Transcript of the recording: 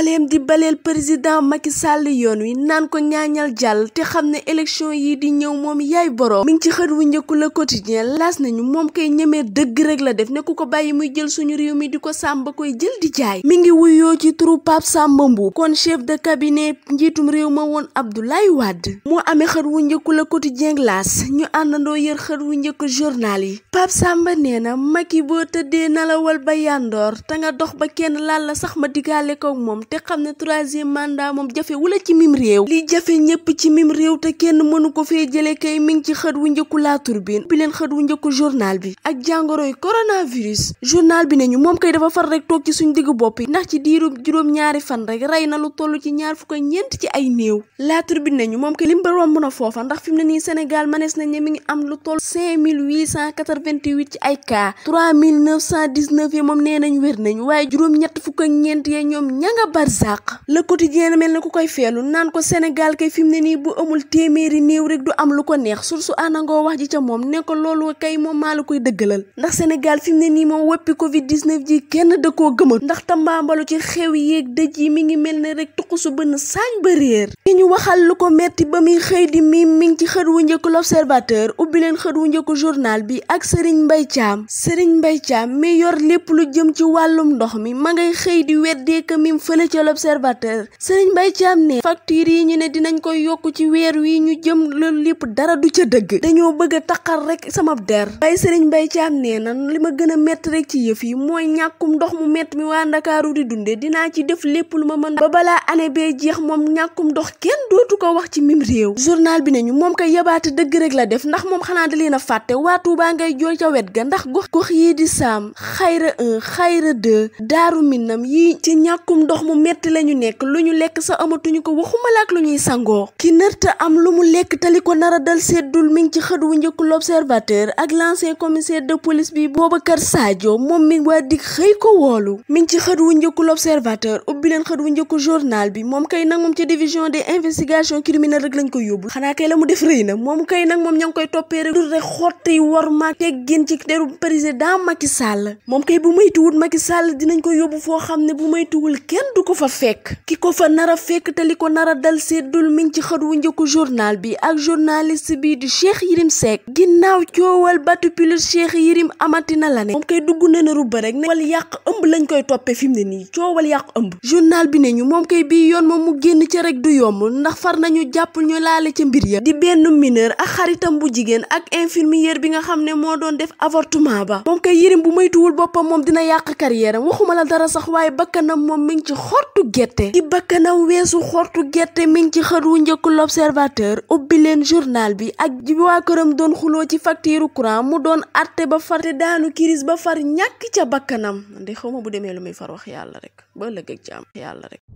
baleem di baleel président Macky Sall yoon wi naan ko ñaañal jàll te xam ne élection yi di ñëw moom yaay boroom mi ngi ci xët wu njëkku la quotidien laas nañu moom koy ñemee dëgg rek la def ne ku ko bàyyi muy jël suñu réew mi di ko sàmm ba koy jël di jaay mi ngi wuyoo ci turu Pape Samba Mboup kon chef de cabinet njiitum réew ma woon Abdoulaye Wade moo amee xët wu njëkku la quotidien laas ñu àndandoo yër xët wu njëkk journal yi Pape Samba nee na Macky boo tëddee nalawal ba yandoor te nga dox ba kenn laal la sax ma digaale koog moom te xam ne troisième mandat moom jafe wala ci mim réew li jafe ñépp ci mim réew te kenn mënu ko fee jëlee kay mi ngi ci xët wu njëkku laa leen xët wu njëkku journal bi ak jàngoroy coronavirus journal bi ne ñu moom kay dafa far rek toog ci suñ diggu bopp yi ndax ci diiru juróom-ñaari fan rek rey na lu toll ci ñaar fukk ñeent ci ay néew laa turbine ne ñu moom kay lim ba romb na foofa ndax fi mu ne nii Sénégal manees nañ ne mi ngi am lu toll 5880 128 ci ay cas 3919 yi moom nee nañ wér nañ waaye juróom-ñett fukk ak ñeent yee ñoom ña nga barzaq le mel na ku koy feelu naan ko Sénégal kay fi mu ne nii bu amul téeméeri néew rek du am lu ko neex sursu anangoo wax ji ca moom ne ko loolu kay moom maa la koy dëggalal ndax Sénégal fi mu ne nii moom woppi covid 19 ji kenn da koo gëmal ndax tambaambalu ci xew yéeg dëj yi mi ngi mel na rek tuqusu bënn saañ ba réer ñu waxal lu ko metti ba muy xëy di miim mi ngi ci xët wu njëkk l'observateur ubbi leen xët wu njëkk journal bi Serigne Mbaye Thiam Serigne Mbaye Thiam yor lépp lu jëm ci wàllum ndox mi ma ngay xëy di weddee ka mim fële ca l'observateur Serigne Mbaye Thiam ne facture yi ñu ne dinañ koy yokk ci weer wi ñu jëm loolu lépp dara du ca dëgg dañoo bëgg a taqal rek sama der waaye Serigne Mbaye Thiam nee na li ma gën a métti rek ci yëf yi mooy ñàkkum ndox mu métti mi waa Ndakaaru di dundee dinaa ci def lépp lu ma mën ba balaa année bee jeex moom ñàkkum ndox kenn dootu ko wax ci mim réew journal bi nañu moom kay yabaate dëgg rek la def ndax moom xanaa da leen jool ca wet ga ndax gox gox yii di saam xayra un xayra deux daaru minam yii ci ñàkkum ndox mu metti lañu nekk lu ñu lekk sa amatuñu ko waxumala ak lu ñuy sangoo ki nërta am lu mu lekk tali ko nara dal seddul mi ngi ci xët wu njëkku l'observateur ak l'ancien commissaire de police bi booba kar Sadio moom mi waa dig xëy ko woolu mi ngi ci xët wu njëkku l'observateur ubbi leen xët wu njëkku journal bi moom kay nag moom ci division des investigations criminelles rek lañ ko yóbbu xanaa la mu def rëy na moom kay nag moom ña ngi koy toppee ak génn ci deru président Macky Sall moom kay bu maytuwul Macky Sall dinañ ko yóbbu foo xam ne bu maytuwul kenn du ko fa fekk ki ko fa nar a fekk te li ko nar dal seddul mi ngi ci xët wu njëkku journal bi ak journaliste bi di Cheikh Yirim Seck ginnaaw coowal batu pilote Cheikh Yirim amati na la ne dugg na naru ba rek ne yàq ëmb lañ koy toppee fi mu ne nii coowal yàq ëmb journal bi ne ñu moom kay bii yoon moom mu génn ca rek du yomb ndax far nañu jàpp ñu laale ca mbir ya di benn mineur ak xaritam bu jigéen ak infirmière bi nga xam ne moo doon def avortement ba moom kay yërim bu moytuwul boppam moom dina yàq carrière waxuma la dara sax waaye bakkanam moom mi ngi ci xortu gerte di bakkanam weesu xortu gerte mi ngi ci xët wu njëkk l'observateur ubbi leen journal bi ak ji waa këram doon xuloo ci facture courant mu doon atte ba far te daanu kiris ba far ñàkk ca bakkanam di xawma bu demee lu muy far wax yàlla rek ba ëllëg ak jàmm yàlla rek